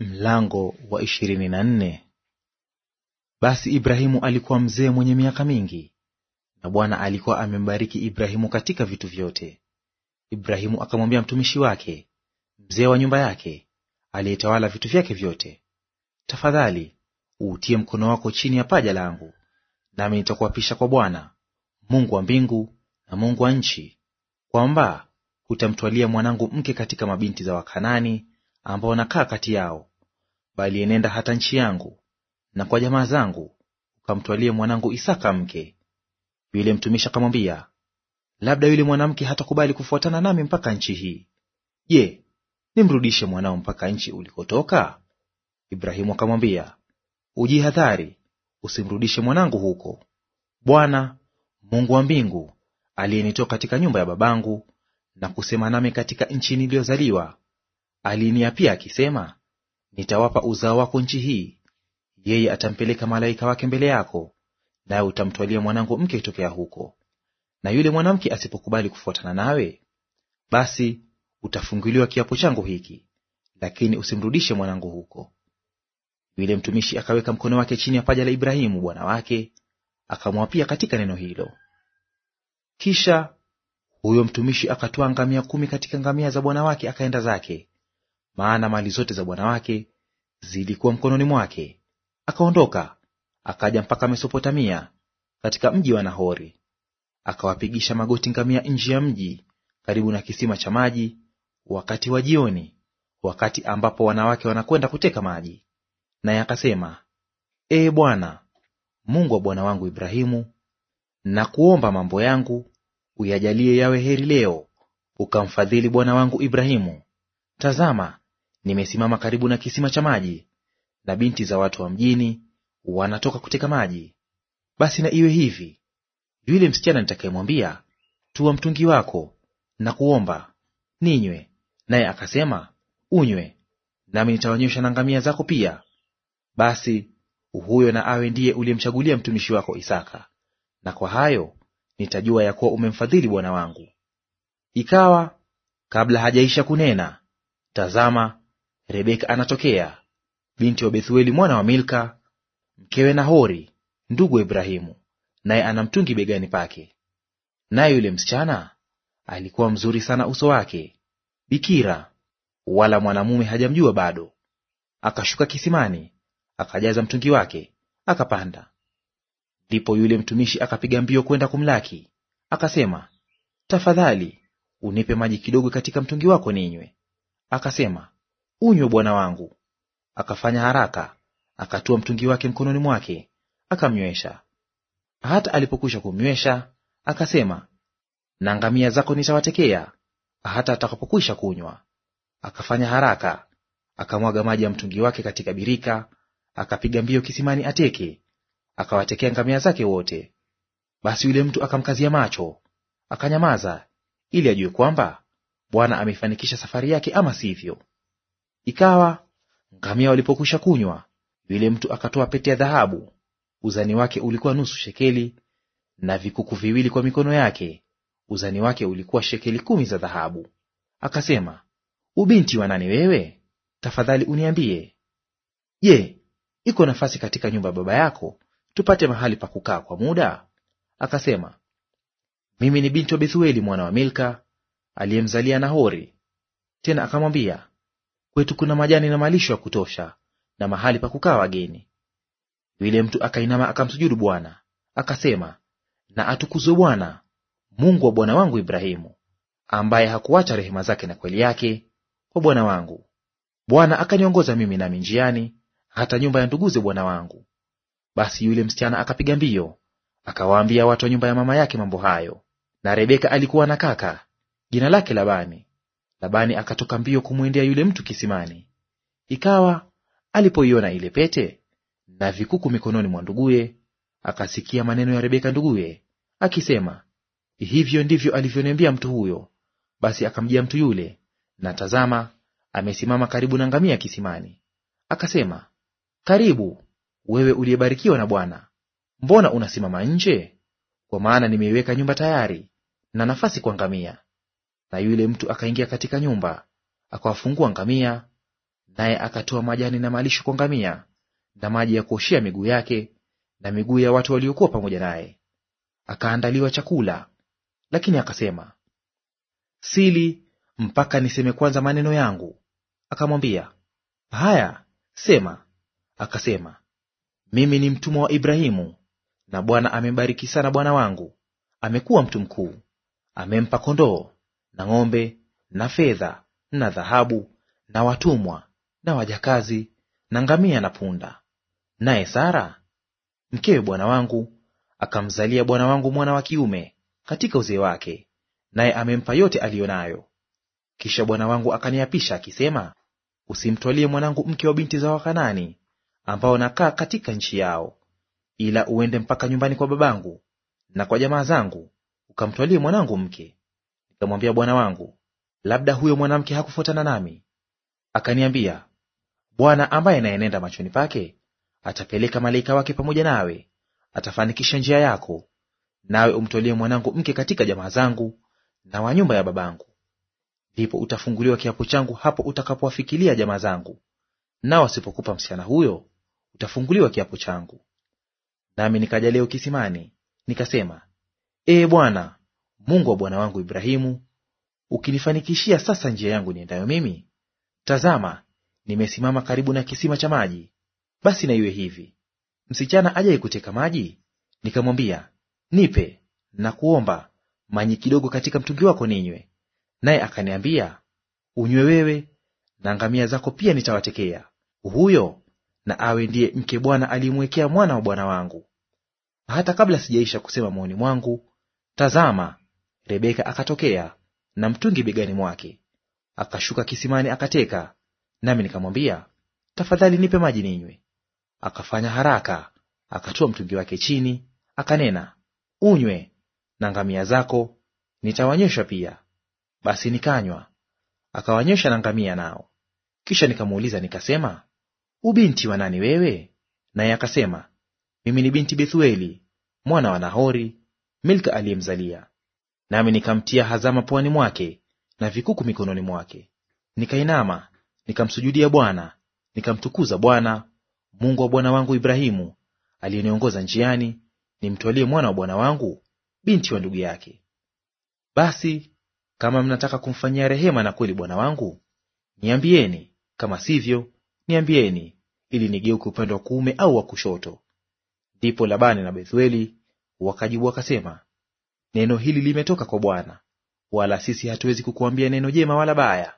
Mlango wa ishirini na nne. Basi Ibrahimu alikuwa mzee mwenye miaka mingi, na Bwana alikuwa amembariki Ibrahimu katika vitu vyote. Ibrahimu akamwambia mtumishi wake, mzee wa nyumba yake, aliyetawala vitu vyake vyote, tafadhali uutie mkono wako chini ya paja langu, nami nitakuapisha kwa Bwana Mungu wa mbingu na Mungu wa nchi, kwamba hutamtwalia mwanangu mke katika mabinti za Wakanani ambao nakaa kati yao bali enenda hata nchi yangu na kwa jamaa zangu, ukamtwalie mwanangu Isaka mke. Yule mtumishi akamwambia, labda yule mwanamke hatakubali kufuatana nami mpaka nchi hii. Je, nimrudishe mwanao mpaka nchi ulikotoka? Ibrahimu akamwambia, ujihadhari, usimrudishe mwanangu huko. Bwana Mungu wa mbingu aliyenitoa katika nyumba ya babangu na kusema nami katika nchi niliyozaliwa, aliniapia akisema nitawapa uzao wako nchi hii, yeye atampeleka malaika wake mbele yako, nawe utamtwalia mwanangu mke tokea huko. Na yule mwanamke asipokubali kufuatana nawe, basi utafunguliwa kiapo changu hiki, lakini usimrudishe mwanangu huko. Yule mtumishi akaweka mkono wake chini ya paja la Ibrahimu bwana wake, akamwapia katika neno hilo. Kisha huyo mtumishi akatoa ngamia kumi katika ngamia za bwana wake, akaenda zake maana mali zote za bwana wake zilikuwa mkononi mwake. Akaondoka akaja mpaka Mesopotamia, katika mji wa Nahori. Akawapigisha magoti ngamia nje ya mji, karibu na kisima cha maji, wakati wa jioni, wakati ambapo wanawake wanakwenda kuteka maji. Naye akasema, Ee Bwana Mungu wa bwana wangu Ibrahimu, na kuomba mambo yangu uyajalie yawe heri leo, ukamfadhili bwana wangu Ibrahimu. Tazama, Nimesimama karibu na kisima cha maji, na binti za watu wa mjini wanatoka kuteka maji. Basi na iwe hivi, yule msichana nitakayemwambia, tua mtungi wako na kuomba ninywe, naye akasema unywe, nami nitawanywesha na ngamia zako pia, basi huyo na awe ndiye uliyemchagulia mtumishi wako Isaka, na kwa hayo nitajua ya kuwa umemfadhili bwana wangu. Ikawa kabla hajaisha kunena, tazama, Rebeka anatokea binti wa Bethueli mwana wa Milka, mkewe Nahori ndugu wa Ibrahimu, naye ana mtungi begani pake. Naye yule msichana alikuwa mzuri sana uso wake, bikira, wala mwanamume hajamjua bado. Akashuka kisimani, akajaza mtungi wake, akapanda. Ndipo yule mtumishi akapiga mbio kwenda kumlaki, akasema, tafadhali unipe maji kidogo katika mtungi wako ninywe. Akasema, unywe bwana wangu. Akafanya haraka, akatua mtungi wake mkononi mwake, akamnywesha. Hata alipokwisha kumnywesha, akasema, na ngamia zako nitawatekea hata atakapokwisha kunywa. Akafanya haraka, akamwaga maji ya mtungi wake katika birika, akapiga mbio kisimani ateke, akawatekea ngamia zake wote. Basi yule mtu akamkazia macho, akanyamaza, ili ajue kwamba Bwana ameifanikisha safari yake ama sivyo. Ikawa ngamia walipokwisha kunywa, yule mtu akatoa pete ya dhahabu, uzani wake ulikuwa nusu shekeli, na vikuku viwili kwa mikono yake, uzani wake ulikuwa shekeli kumi za dhahabu. Akasema, ubinti wa nani wewe? Tafadhali uniambie. Je, iko nafasi katika nyumba ya baba yako, tupate mahali pa kukaa kwa muda? Akasema, mimi ni binti wa Bethueli mwana wa Milka, aliyemzalia Nahori. Tena akamwambia, kwetu kuna majani na malisho ya kutosha, na mahali pa kukaa wageni. Yule mtu akainama akamsujudu Bwana, akasema, na atukuzwe Bwana Mungu wa bwana wangu Ibrahimu, ambaye hakuacha rehema zake na kweli yake kwa bwana wangu. Bwana akaniongoza mimi nami njiani hata nyumba ya nduguze bwana wangu. Basi yule msichana akapiga mbio akawaambia watu wa nyumba ya mama yake mambo hayo. Na Rebeka alikuwa na kaka jina lake Labani, Labani akatoka mbio kumwendea yule mtu kisimani. Ikawa alipoiona ile pete na vikuku mikononi mwa nduguye, akasikia maneno ya Rebeka nduguye akisema, hivyo ndivyo alivyoniambia mtu huyo. Basi akamjia mtu yule, na tazama, amesimama karibu na ngamia kisimani. Akasema, karibu wewe uliyebarikiwa na Bwana, mbona unasimama nje? Kwa maana nimeiweka nyumba tayari na nafasi kwa ngamia. Na yule mtu akaingia katika nyumba, akawafungua ngamia, naye akatoa majani na malisho kwa ngamia na maji ya kuoshea miguu yake na miguu ya watu waliokuwa pamoja naye. Akaandaliwa chakula, lakini akasema, sili mpaka niseme kwanza maneno yangu. Akamwambia, haya sema. Akasema, mimi ni mtumwa wa Ibrahimu, na Bwana amembariki sana bwana wangu, amekuwa mtu mkuu, amempa kondoo na ng'ombe na fedha na dhahabu na watumwa na wajakazi na ngamia na punda. Naye Sara mkewe bwana wangu akamzalia bwana wangu mwana wa kiume katika uzee wake, naye amempa yote aliyo nayo. Kisha bwana wangu akaniapisha akisema, usimtwalie mwanangu mke wa binti za Wakanani ambao nakaa katika nchi yao, ila uende mpaka nyumbani kwa babangu na kwa jamaa zangu ukamtwalie mwanangu mke. Nikamwambia bwana wangu, labda huyo mwanamke hakufuatana nami. Akaniambia, Bwana ambaye nayenenda machoni pake atapeleka malaika wake pamoja nawe, atafanikisha njia yako. Nawe umtolie mwanangu mke katika jamaa zangu na wa nyumba ya babangu, ndipo utafunguliwa kiapo changu hapo utakapowafikilia jamaa zangu, nao wasipokupa msichana huyo utafunguliwa kiapo changu. Nami nikaja leo kisimani, nikasema, Ee Bwana, Mungu wa bwana wangu Ibrahimu, ukinifanikishia sasa njia yangu niendayo mimi, tazama, nimesimama karibu na kisima cha maji. Basi na iwe hivi, msichana ajaye kuteka maji, nikamwambia, nipe na kuomba maji kidogo katika mtungi wako ninywe, naye akaniambia, unywe wewe na ngamia zako pia nitawatekea. Huyo na awe ndiye mke Bwana aliyemwekea mwana wa bwana wangu. Hata kabla sijaisha kusema maoni mwangu, tazama, Rebeka akatokea na mtungi begani mwake, akashuka kisimani akateka, nami nikamwambia, tafadhali nipe maji ninywe. Akafanya haraka akatoa mtungi wake chini, akanena, unywe na ngamia zako nitawanyesha pia. Basi nikanywa, akawanyesha na ngamia nao. Kisha nikamuuliza nikasema, ubinti wa nani wewe? Naye akasema, mimi ni binti Bethueli mwana wa Nahori, Milka aliyemzalia nami nikamtia hazama puani mwake na vikuku mikononi mwake. Nikainama nikamsujudia Bwana, nikamtukuza Bwana Mungu wa bwana wangu Ibrahimu, aliyeniongoza njiani nimtwalie mwana wa bwana wangu binti wa ndugu yake. Basi kama mnataka kumfanyia rehema na kweli bwana wangu, niambieni; kama sivyo, niambieni, ili nigeuke upande wa kuume au wa kushoto. Ndipo Labani na Bethueli wakajibu wakasema, Neno hili limetoka kwa Bwana, wala sisi hatuwezi kukuambia neno jema wala baya.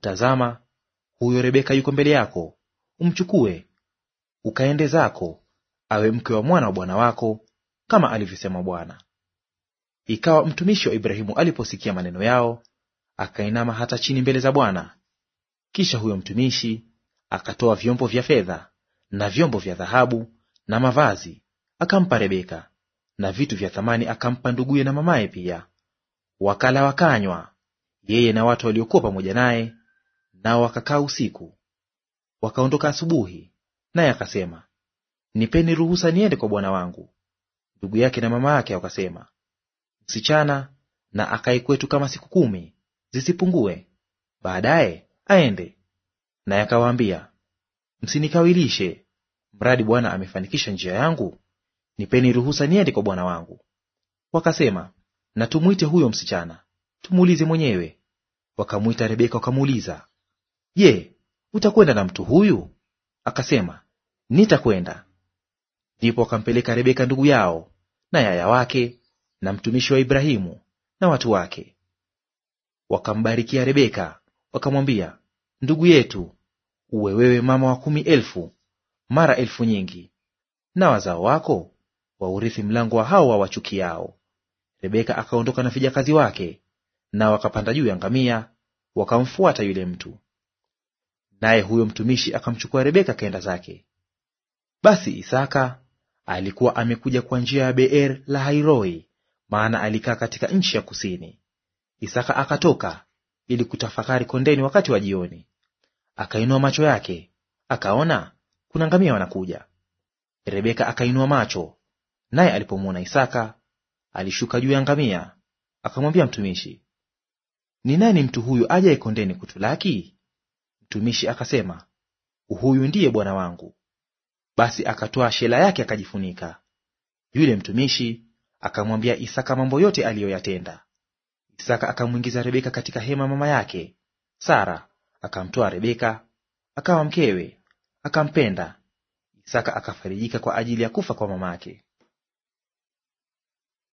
Tazama, huyo Rebeka yuko mbele yako, umchukue ukaende zako, awe mke wa mwana wa bwana wako, kama alivyosema Bwana. Ikawa mtumishi wa Ibrahimu aliposikia maneno yao, akainama hata chini mbele za Bwana. Kisha huyo mtumishi akatoa vyombo vya fedha na vyombo vya dhahabu na mavazi, akampa Rebeka na vitu vya thamani akampa nduguye na mamaye pia. Wakala wakanywa, yeye na watu waliokuwa pamoja naye, nao wakakaa usiku. Wakaondoka asubuhi, naye akasema, nipeni ruhusa niende kwa bwana wangu. Ndugu yake na mama yake wakasema, msichana na akae kwetu kama siku kumi zisipungue, baadaye aende. Naye akawaambia, msinikawilishe, mradi Bwana amefanikisha njia yangu nipeni ruhusa niende kwa bwana wangu. Wakasema, na tumwite huyo msichana, tumuulize mwenyewe. Wakamwita Rebeka wakamuuliza, Je, utakwenda na mtu huyu? Akasema, nitakwenda. Ndipo wakampeleka Rebeka ndugu yao na yaya wake na mtumishi wa Ibrahimu na watu wake. Wakambarikia Rebeka wakamwambia, ndugu yetu, uwe wewe mama wa kumi elfu mara elfu nyingi, na wazao wako urithi mlango wa hao wawachukiao. Rebeka akaondoka na vijakazi wake, nao wakapanda juu ya ngamia, wakamfuata yule mtu. Naye huyo mtumishi akamchukua Rebeka kaenda zake. Basi Isaka alikuwa amekuja kwa njia ya Beer la Hairoi, maana alikaa katika nchi ya kusini. Isaka akatoka ili kutafakari kondeni wakati wa jioni. Akainua macho yake, akaona kuna ngamia wanakuja. Rebeka akainua macho Naye alipomwona Isaka alishuka juu ya ngamia, akamwambia mtumishi, ni nani mtu huyu ajaye kondeni kutulaki? Mtumishi akasema, huyu ndiye bwana wangu. Basi akatwaa shela yake akajifunika. Yule mtumishi akamwambia Isaka mambo yote aliyoyatenda. Isaka akamwingiza Rebeka katika hema mama yake Sara, akamtoa Rebeka akawa mkewe, akampenda. Isaka akafarijika kwa ajili ya kufa kwa mamake.